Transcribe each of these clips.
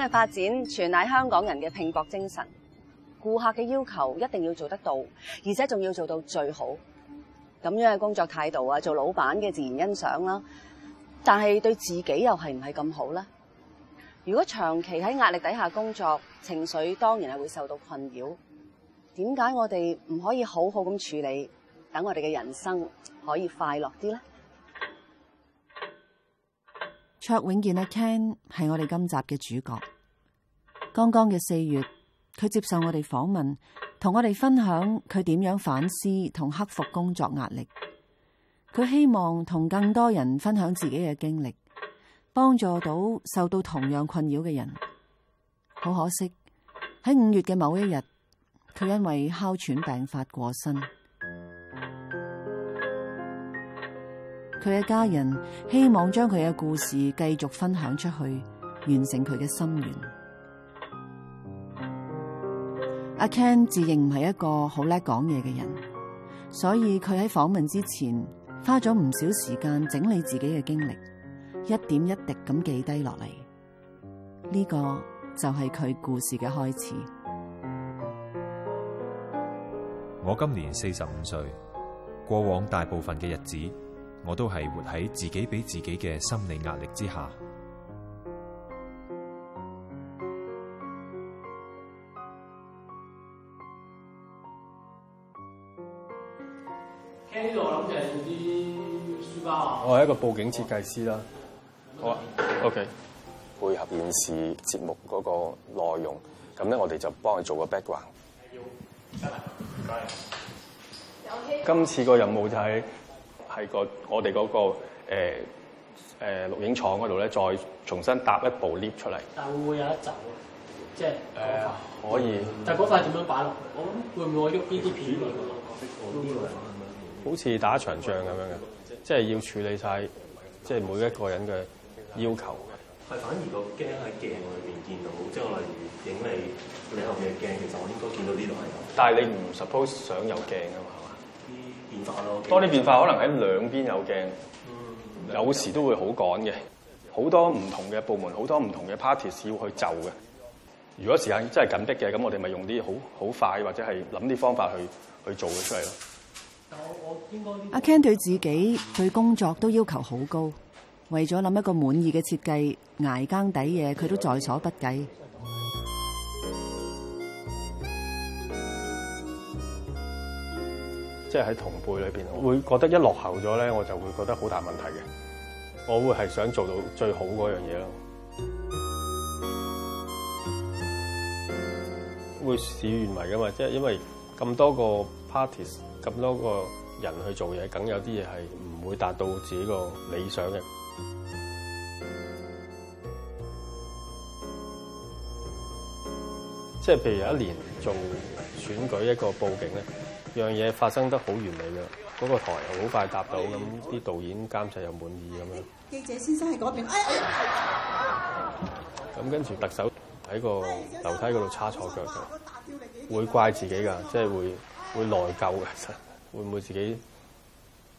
嘅發展全賴香港人嘅拼搏精神，顧客嘅要求一定要做得到，而且仲要做到最好。咁樣嘅工作態度啊，做老闆嘅自然欣賞啦。但係對自己又係唔係咁好呢？如果長期喺壓力底下工作，情緒當然係會受到困擾。點解我哋唔可以好好咁處理，等我哋嘅人生可以快樂啲呢？卓永健阿 Ken 係我哋今集嘅主角。剛剛嘅四月，佢接受我哋訪問，同我哋分享佢點樣反思同克服工作壓力。佢希望同更多人分享自己嘅經歷，幫助到受到同樣困擾嘅人。好可惜，喺五月嘅某一日，佢因為哮喘病發過身。佢嘅家人希望將佢嘅故事繼續分享出去，完成佢嘅心願。阿 Ken 自認唔係一個好叻講嘢嘅人，所以佢喺訪問之前花咗唔少時間整理自己嘅經歷，一點一滴咁記低落嚟。呢個就係佢故事嘅開始。我今年四十五歲，過往大部分嘅日子。我都係活喺自己俾自己嘅心理壓力之下。我係一個佈景設計師啦。好啊，OK。配合電視節目嗰個內容，咁咧我哋就幫佢做個 background。今次個任務就係、是。喺、那個我哋嗰、那個誒誒、呃呃、錄影廠嗰度咧，再重新搭一部 lift 出嚟、嗯。但會唔會有一集啊？即係誒、呃、可以。但、就、嗰、是、塊點樣擺落、嗯？我諗會唔會喐呢啲片？好似打場仗咁樣嘅，即係要處理晒，即係每一個人嘅要求。係反而個鏡喺鏡裏面見到，即係我例如影你，你後面嘅鏡，其實我應該見到呢度係有。但係你唔 suppose 想有鏡㗎嘛？係嘛？多啲變化，可能喺兩邊有鏡，有時都會好趕嘅。好多唔同嘅部門，好多唔同嘅 parties 要去就嘅。如果時間真係緊迫嘅，咁我哋咪用啲好好快或者係諗啲方法去去做嘅出嚟咯。阿 Ken 對自己對工作都要求好高，為咗諗一個滿意嘅設計，捱更抵夜佢都在所不計。即係喺同輩裏邊，我會覺得一落後咗咧，我就會覺得好大問題嘅。我會係想做到最好嗰樣嘢咯。會事與願違嘅嘛，即係因為咁多個 parties，咁多個人去做嘢，梗有啲嘢係唔會達到自己個理想嘅。即係譬如有一年做選舉一個報警咧。樣嘢發生得好完美啦，嗰、嗰個台又好快搭到，咁啲導演監製又滿意咁樣。記者先生喺嗰邊，咁、啊、跟住特首喺個樓梯嗰度叉錯腳嘅、嗯，會怪自己㗎、嗯，即係會、嗯、會內疚嘅，會唔會自己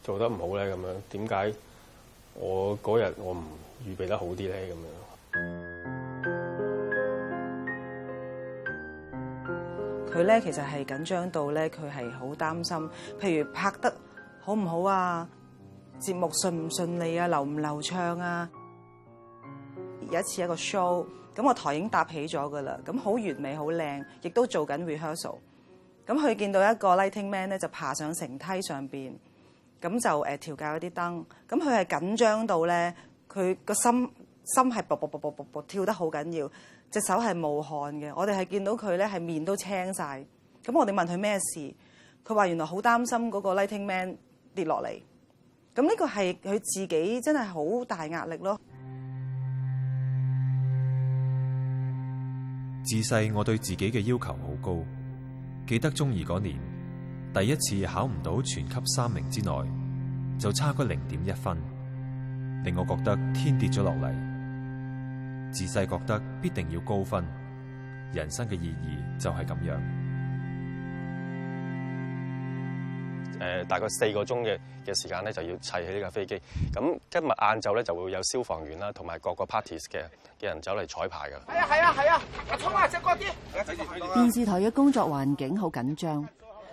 做得唔好咧？咁樣點解我嗰日我唔預備得好啲咧？咁樣。佢咧其實係緊張到咧，佢係好擔心。譬如拍得好唔好啊？節目順唔順利啊？流唔流暢啊？ 有一次一個 show，咁個台已經搭起咗噶啦，咁好完美、好靚，亦都做緊 rehearsal。咁佢見到一個 lighting man 咧，就爬上城梯上邊，咁就誒調校嗰啲燈。咁佢係緊張到咧，佢個心心係搏搏搏搏跳得好緊要。隻手係無汗嘅，我哋係見到佢咧係面都青晒。咁我哋問佢咩事，佢話原來好擔心嗰個 Lighting Man 跌落嚟。咁呢個係佢自己真係好大壓力咯。自細我對自己嘅要求好高，記得中二嗰年第一次考唔到全級三名之內，就差嗰零點一分，令我覺得天跌咗落嚟。自細覺得必定要高分，人生嘅意義就係咁樣。誒，大概四個鐘嘅嘅時間咧，就要砌起呢架飛機。咁今日晏晝咧就會有消防員啦，同埋各個 parties 嘅嘅人走嚟彩排噶。係啊係啊係啊，阿聰啊，只啲。電視台嘅工作環境好緊張，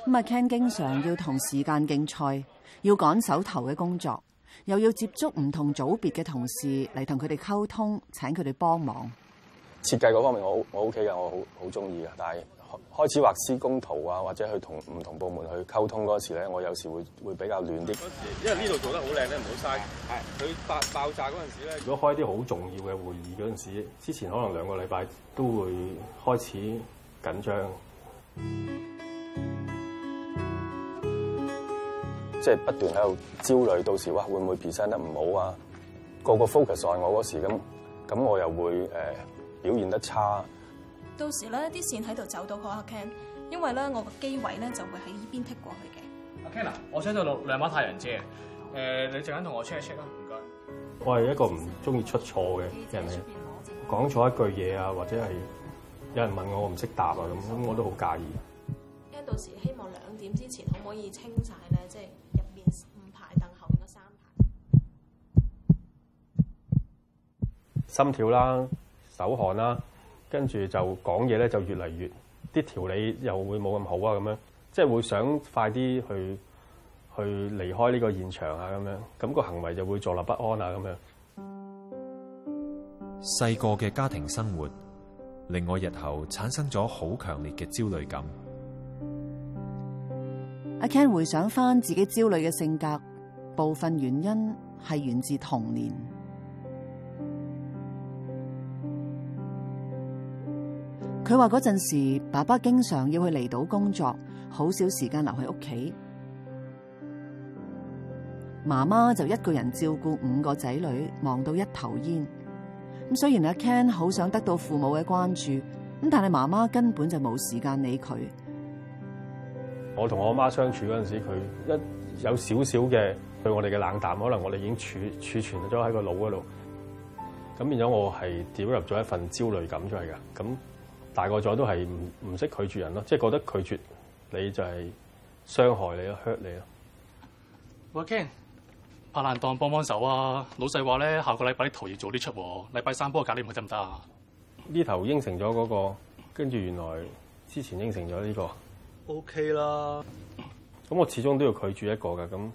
咁阿 Ken 經常要同時間競賽，要趕手頭嘅工作。又要接觸唔同組別嘅同事嚟，同佢哋溝通，請佢哋幫忙。設計嗰方面我我 O K 嘅，我好好中意嘅。但係開始畫施工圖啊，或者去同唔同部門去溝通嗰時咧，我有時會會比較亂啲。因為呢度做得好靚咧，唔好嘥。係佢爆爆炸嗰陣時咧，如果開啲好重要嘅會議嗰陣時，之前可能兩個禮拜都會開始緊張。即、就、係、是、不斷喺度焦慮，到時話會唔會 present 得唔好啊？個個 focus 喺我嗰時咁，咁我又會誒、呃、表現得差、啊。到時咧啲線喺度走到個阿、啊、Ken，因為咧我個機位咧就會喺呢邊剔過去嘅。阿 Ken 啊，我想到六兩兩把太陽遮。誒、呃，你陣間同我 check 一 check 啊？唔該。我係一個唔中意出錯嘅人嚟，講錯一句嘢啊，或者係有人問我我唔識答啊咁，咁、啊、我都好介意。因、啊、為到時希望兩點之前可唔可以清晒咧，即係。心跳啦、手汗啦，跟住就講嘢咧，就越嚟越啲條理又會冇咁好啊，咁樣，即係會想快啲去去離開呢個現場啊，咁樣，咁個行為就會坐立不安啊，咁樣，細個嘅家庭生活令我日後產生咗好強烈嘅焦慮感。阿 Ken 回想翻自己焦慮嘅性格，部分原因係源自童年。佢話嗰陣時，爸爸經常要去離島工作，好少時間留喺屋企。媽媽就一個人照顧五個仔女，忙到一頭煙。咁雖然阿 Ken 好想得到父母嘅關注，咁但係媽媽根本就冇時間理佢。我同我媽相處嗰陣時，佢一有少少嘅對我哋嘅冷淡，可能我哋已經儲儲存咗喺個腦嗰度。咁，變咗我係掉入咗一份焦慮感出嚟噶。咁。大個咗都係唔唔識拒絕人咯，即係覺得拒絕你就係傷害你咯，hurt 你咯。喂，Ken，拍爛檔幫幫手啊！老細話咧，下個禮拜啲圖要早啲出，禮拜三幫我搞掂佢唔得唔得啊？呢頭應承咗嗰個，跟住原來之前應承咗呢個。O K 啦，咁我始終都要拒絕一個嘅，咁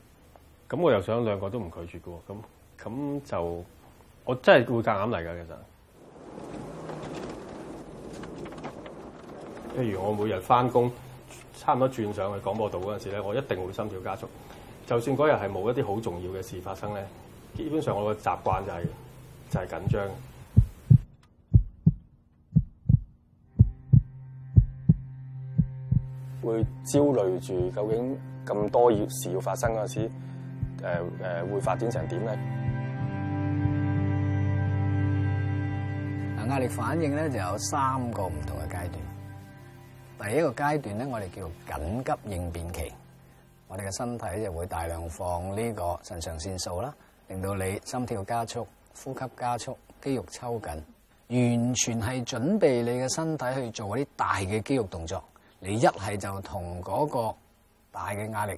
咁我又想兩個都唔拒絕嘅喎，咁咁就我真係會夾硬嚟噶，其實。譬如我每日翻工，差唔多轉上去廣播道嗰陣時咧，我一定會心跳加速。就算嗰日係冇一啲好重要嘅事發生咧，基本上我嘅習慣就係、是、就係緊張，會焦慮住究竟咁多要事要發生嗰陣時誒誒、呃呃、會發展成點咧？嗱，壓力反應咧就有三個唔同嘅階段。第一個階段咧，我哋叫緊急應變期，我哋嘅身體就會大量放呢個腎上腺素啦，令到你心跳加速、呼吸加速、肌肉抽緊，完全係準備你嘅身體去做嗰啲大嘅肌肉動作。你一係就同嗰個大嘅壓力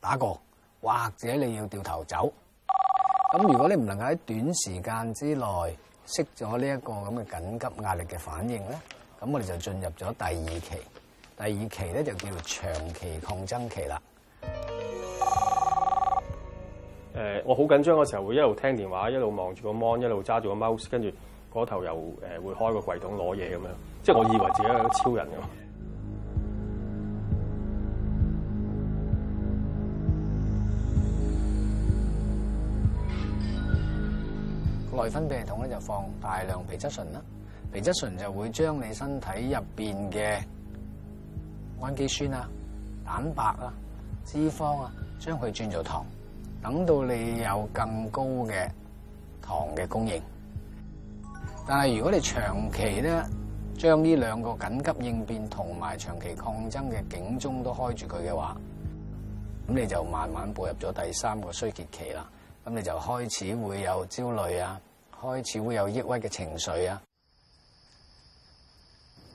打過，或者你要掉頭走。咁如果你唔能夠喺短時間之內識咗呢一個咁嘅緊急壓力嘅反應咧，咁我哋就進入咗第二期。第二期咧就叫做「長期抗爭期」啦。誒、呃，我好緊張嘅時候會一路聽電話，一路望住個 mon，一路揸住個 mouse，跟住嗰頭又誒、呃、會開個櫃桶攞嘢咁樣，即係我以為自己係超人咁。內分泌系統咧就放大量皮質醇啦，皮質醇就會將你身體入邊嘅。氨基酸啊、蛋白啊、脂肪啊，將佢轉做糖，等到你有更高嘅糖嘅供應。但係如果你長期咧將呢兩個緊急應變同埋長期抗爭嘅警鐘都開住佢嘅話，咁你就慢慢步入咗第三個衰竭期啦。咁你就開始會有焦慮啊，開始會有抑鬱嘅情緒啊。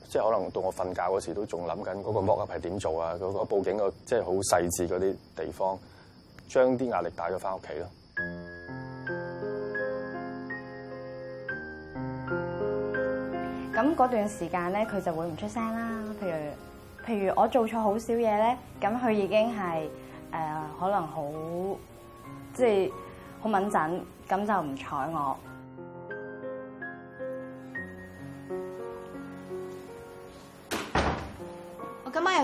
即係可能到我瞓覺嗰時都仲諗緊嗰個 mock up 係點做啊，嗰個佈景個即係好細緻嗰啲地方，將啲壓力帶咗返屋企咯。咁嗰段時間咧，佢就會唔出聲啦。譬如譬如我做錯好少嘢咧，咁佢已經係誒、呃、可能好即係好敏準，咁就唔睬我。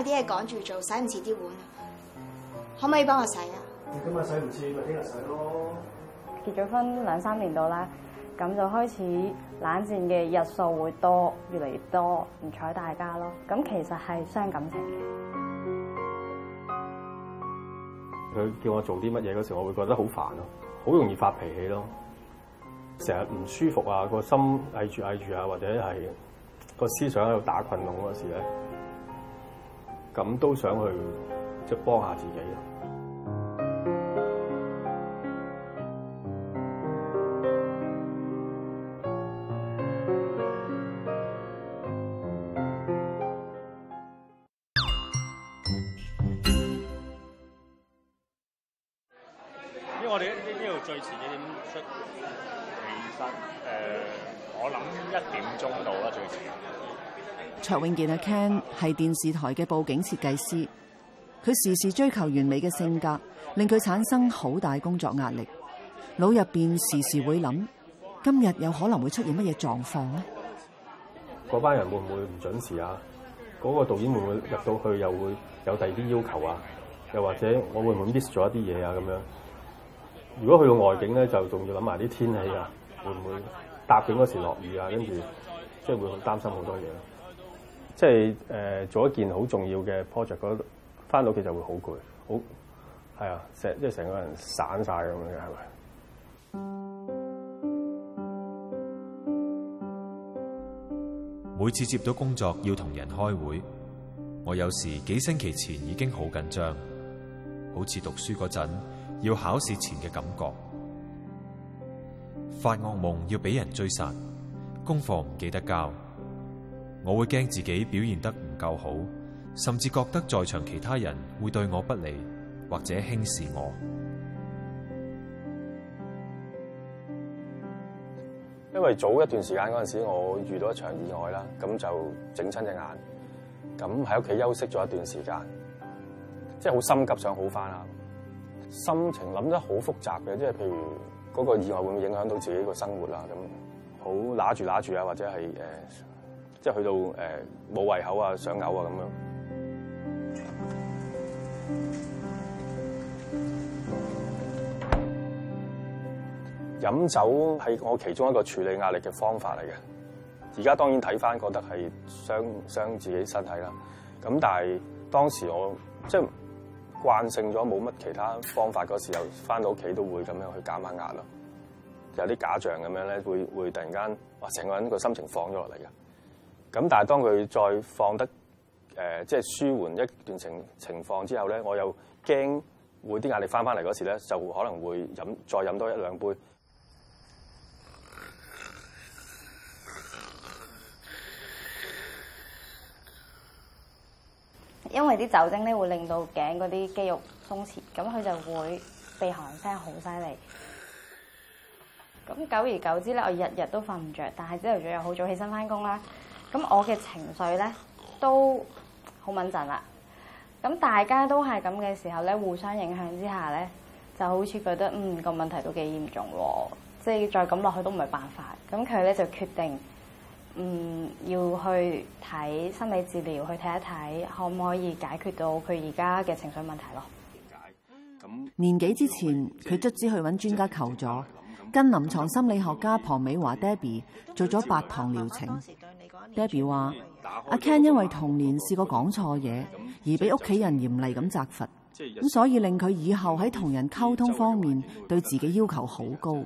啲嘢趕住做，洗唔切啲碗。可唔可以幫我洗啊？今日洗唔切咪聽日洗咯。結咗婚兩三年到啦，咁就開始冷戰嘅日數會多，越嚟越多，唔睬大家咯。咁其實係傷感情嘅。佢叫我做啲乜嘢嗰時，我會覺得好煩咯，好容易發脾氣咯，成日唔舒服啊，個心翳住翳住啊，或者係個思想喺度打群龍嗰時咧。咁都想去，即係幫下自己咯。卓永健，阿 Ken 係電視台嘅佈景設計師，佢時時追求完美嘅性格，令佢產生好大工作壓力。腦入邊時時會諗，今日有可能會出現乜嘢狀況咧？嗰班人會唔會唔準時啊？嗰個導演會唔會入到去又會有第二啲要求啊？又或者我會唔會 miss 咗一啲嘢啊？咁樣，如果去到外景咧，就仲要諗埋啲天氣啊，會唔會搭景嗰時落雨啊？跟住即係會好擔心好多嘢咯。即係誒、呃、做一件好重要嘅 project 嗰，返到屋企就會好攰，好係啊，成即係成個人散晒咁樣嘅係咪？每次接到工作要同人開會，我有時幾星期前已經好緊張，好似讀書嗰陣要考試前嘅感覺，發惡夢要俾人追殺，功課唔記得交。我會驚自己表現得唔夠好，甚至覺得在場其他人會對我不利，或者輕視我。因為早一段時間嗰陣時，我遇到一場意外啦，咁就整親隻眼，咁喺屋企休息咗一段時間，即係好心急想好翻啊。心情諗得好複雜嘅，即係譬如嗰個意外會唔會影響到自己個生活啊？咁好揦住揦住啊，或者係誒。呃即係去到誒冇、呃、胃口啊，想嘔啊咁樣。飲酒係我其中一個處理壓力嘅方法嚟嘅。而家當然睇翻覺得係傷傷自己身體啦。咁但係當時我即係慣性咗冇乜其他方法嘅時候，又翻到屋企都會咁樣去減下壓咯。有啲假象咁樣咧，會會突然間哇，成個人個心情放咗落嚟嘅。咁但係當佢再放得誒、呃，即係舒緩一段情情況之後咧，我又驚會啲壓力翻翻嚟嗰時咧，就可能會飲再飲多一兩杯。因為啲酒精咧會令到頸嗰啲肌肉鬆弛，咁佢就會鼻鼾聲好犀利。咁久而久之咧，我日日都瞓唔着，但係朝頭早又好早起身翻工啦。咁我嘅情緒咧都好穩陣啦。咁大家都係咁嘅時候咧，互相影響之下咧，就好似覺得嗯個問題都幾嚴重喎，即係再咁落去都唔係辦法。咁佢咧就決定嗯要去睇心理治療，去睇一睇可唔可以解決到佢而家嘅情緒問題咯。年紀之前，佢出之去搵專家求助，跟臨床心理學家龐美華 d e b 做咗八堂療程。Debbie 話：阿 Ken 因為童年試過講錯嘢而俾屋企人嚴厲咁責罰，咁所以令佢以後喺同人溝通方面對自己要求好高。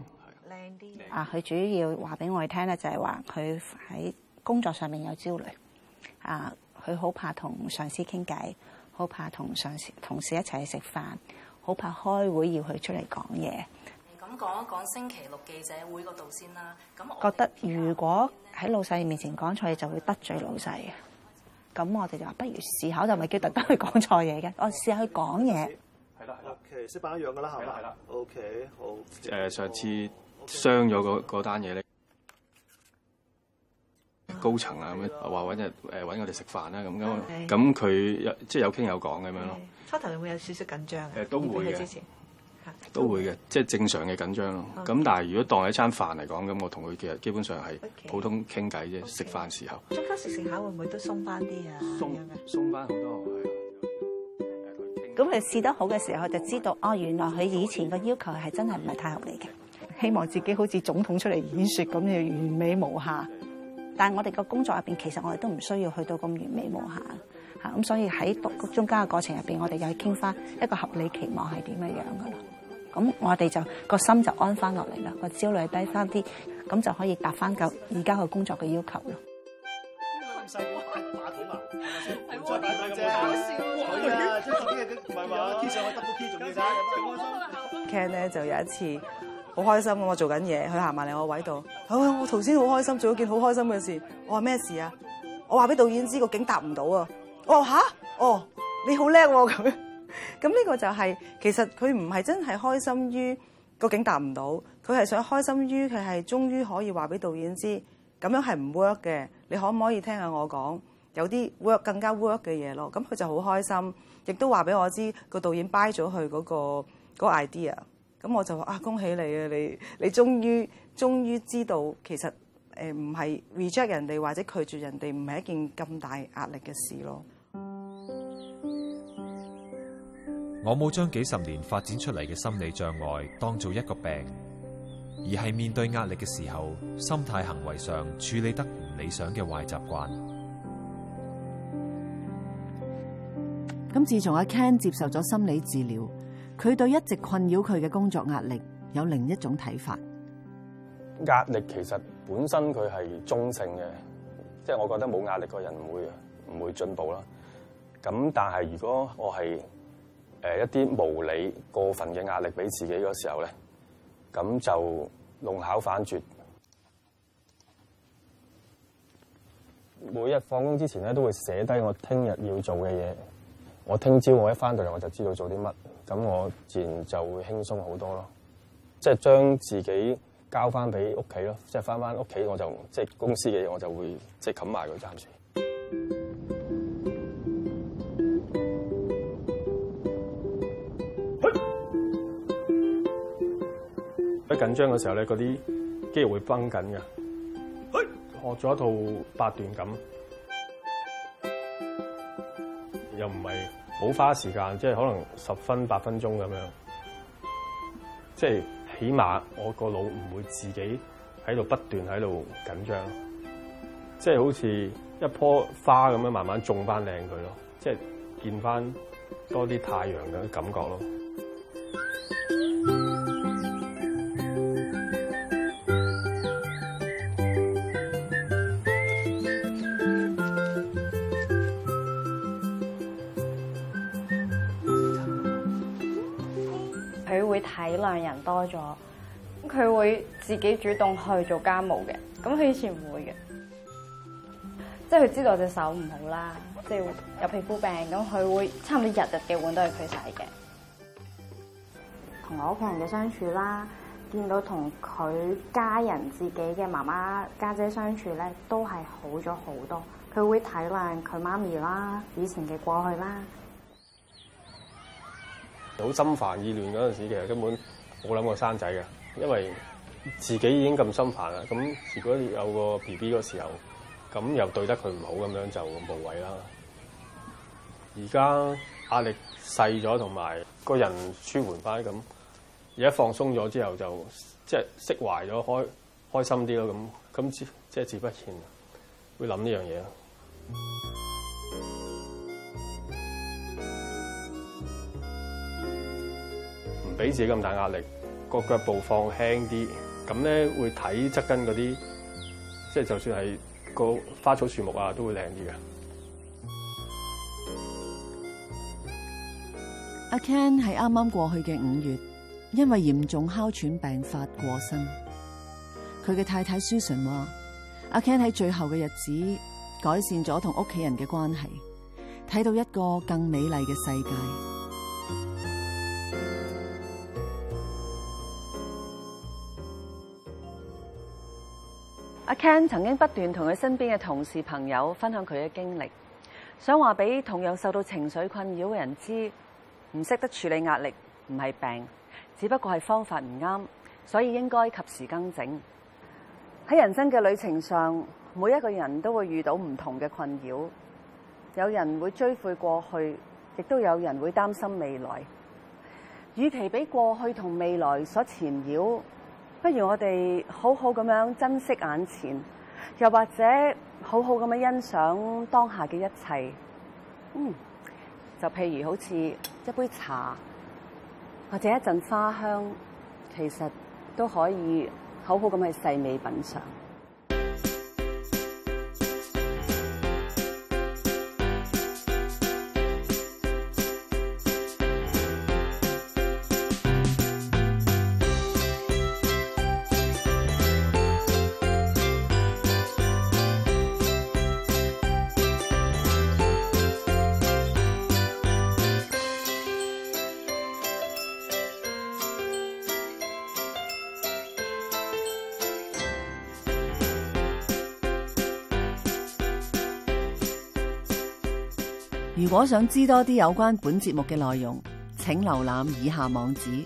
啊，佢主要話俾我哋聽咧，就係話佢喺工作上面有焦慮。啊，佢好怕同上司傾偈，好怕同上司同事一齊去食飯，好怕開會要佢出嚟講嘢。講一講星期六記者會嗰度先啦、啊。我覺得如果喺老細面前講錯嘢就會得罪老細嘅，咁、嗯、我哋就，嗯、就不如試考就咪係得，特登去講錯嘢嘅，我試下去講嘢。係啦，OK，色板一樣噶啦，係嘛？係啦，OK，好。上次傷咗嗰單嘢咧，高層啊咁樣話揾日揾我哋食飯啦。咁咁佢即係有傾有講咁樣咯。初頭會有少少緊張？誒、啊，都會嘅。都會嘅，即係正常嘅緊張咯。咁、okay. 但係如果當係一餐飯嚟講，咁我同佢其實基本上係普通傾偈啫，食、okay. 飯時候。中間食食下會唔會都鬆翻啲啊？鬆啊，鬆翻好多係。咁佢試得好嘅時候，就知道哦，原來佢以前個要求係真係唔係太合理嘅。希望自己好似總統出嚟演説咁樣完美無瑕，但係我哋個工作入邊其實我哋都唔需要去到咁完美無瑕嚇。咁所以喺度中間嘅過程入邊，我哋又係傾翻一個合理期望係點樣樣㗎啦。咁我哋就個心就安翻落嚟啦，個焦慮低翻啲，咁就可以答翻夠而家個工作嘅要求咯、嗯。唔使搞笑嘅唔係 k 上 e 開心。Ken 咧就有一次好開心，我，我做緊嘢，佢行埋嚟我位度。我我頭先好開心，做咗件好開心嘅事。我話咩事啊？那個 oh, 啊？我話俾導演知個景搭唔到啊。哦吓！哦，你好叻喎，咁咁呢個就係、是、其實佢唔係真係開心於個景達唔到，佢係想開心於佢係終於可以話俾導演知，咁樣係唔 work 嘅，你可唔可以聽下我講有啲 work 更加 work 嘅嘢咯？咁佢就好開心，亦都話俾我知個導演 buy 咗佢嗰個嗰、那個、idea。咁我就話啊恭喜你啊，你你終於終於知道其實唔係、呃、reject 人哋或者拒絕人哋唔係一件咁大壓力嘅事咯。我冇將幾十年發展出嚟嘅心理障礙當做一個病，而係面對壓力嘅時候，心態行為上處理得唔理想嘅壞習慣。咁自從阿 Ken 接受咗心理治療，佢對一直困擾佢嘅工作壓力有另一種睇法。壓力其實本身佢係中性嘅，即係我覺得冇壓力個人唔會唔會進步啦。咁但係如果我係誒、呃、一啲無理過分嘅壓力俾自己嗰時候咧，咁就弄巧反拙。每日放工之前咧，都會寫低我聽日要做嘅嘢。我聽朝我一翻到嚟，我就知道做啲乜，咁我自然就會輕鬆好多咯。即係將自己交翻俾屋企咯，即係翻翻屋企我就即係公司嘅嘢，我就會即係冚埋佢暫時。緊張嘅時候咧，嗰啲肌肉會繃緊㗎。學咗一套八段錦，又唔係好花時間，即係可能十分八分鐘咁樣，即係起碼我個腦唔會自己喺度不斷喺度緊張，即係好似一樖花咁樣慢慢種翻靚佢咯，即係見翻多啲太陽嘅感覺咯。體諒人多咗，咁佢會自己主動去做家務嘅，咁佢以前唔會嘅，即係佢知道我隻手唔好啦，即係有皮膚病，咁佢會差唔多日日嘅碗都係佢洗嘅。同我屋企人嘅相處啦，見到同佢家人自己嘅媽媽家姐相處咧，都係好咗好多。佢會體諒佢媽咪啦，以前嘅過去啦。好心煩意亂嗰陣時，其實根本冇諗過生仔嘅，因為自己已經咁心煩啦。咁如果有個 B B 嗰時候，咁又對得佢唔好，咁樣就無謂啦。而家壓力細咗，同埋個人舒緩翻，咁而家放鬆咗之後就，就即係釋懷咗，開開心啲咯。咁咁即係不知不覺會諗呢樣嘢。俾自己咁大壓力，個腳步放輕啲，咁咧會睇側根嗰啲，即係就算係個花草樹木啊，都會靚啲㗎。阿 Ken 喺啱啱過去嘅五月，因為嚴重哮喘病發過身，佢嘅太太 Susan 話：阿 Ken 喺最後嘅日子改善咗同屋企人嘅關係，睇到一個更美麗嘅世界。阿 Ken 曾經不斷同佢身邊嘅同事朋友分享佢嘅經歷，想話俾同樣受到情緒困擾嘅人知，唔識得處理壓力唔係病，只不過係方法唔啱，所以應該及時更正。喺人生嘅旅程上，每一個人都會遇到唔同嘅困擾，有人會追悔過去，亦都有人會擔心未來。與其俾過去同未來所纏繞。不如我哋好好咁樣珍惜眼前，又或者好好咁樣欣賞當下嘅一切。嗯，就譬如好似一杯茶，或者一陣花香，其實都可以好好咁去細味品嘗。如果想知多啲有關本節目嘅內容，請瀏覽以下網址。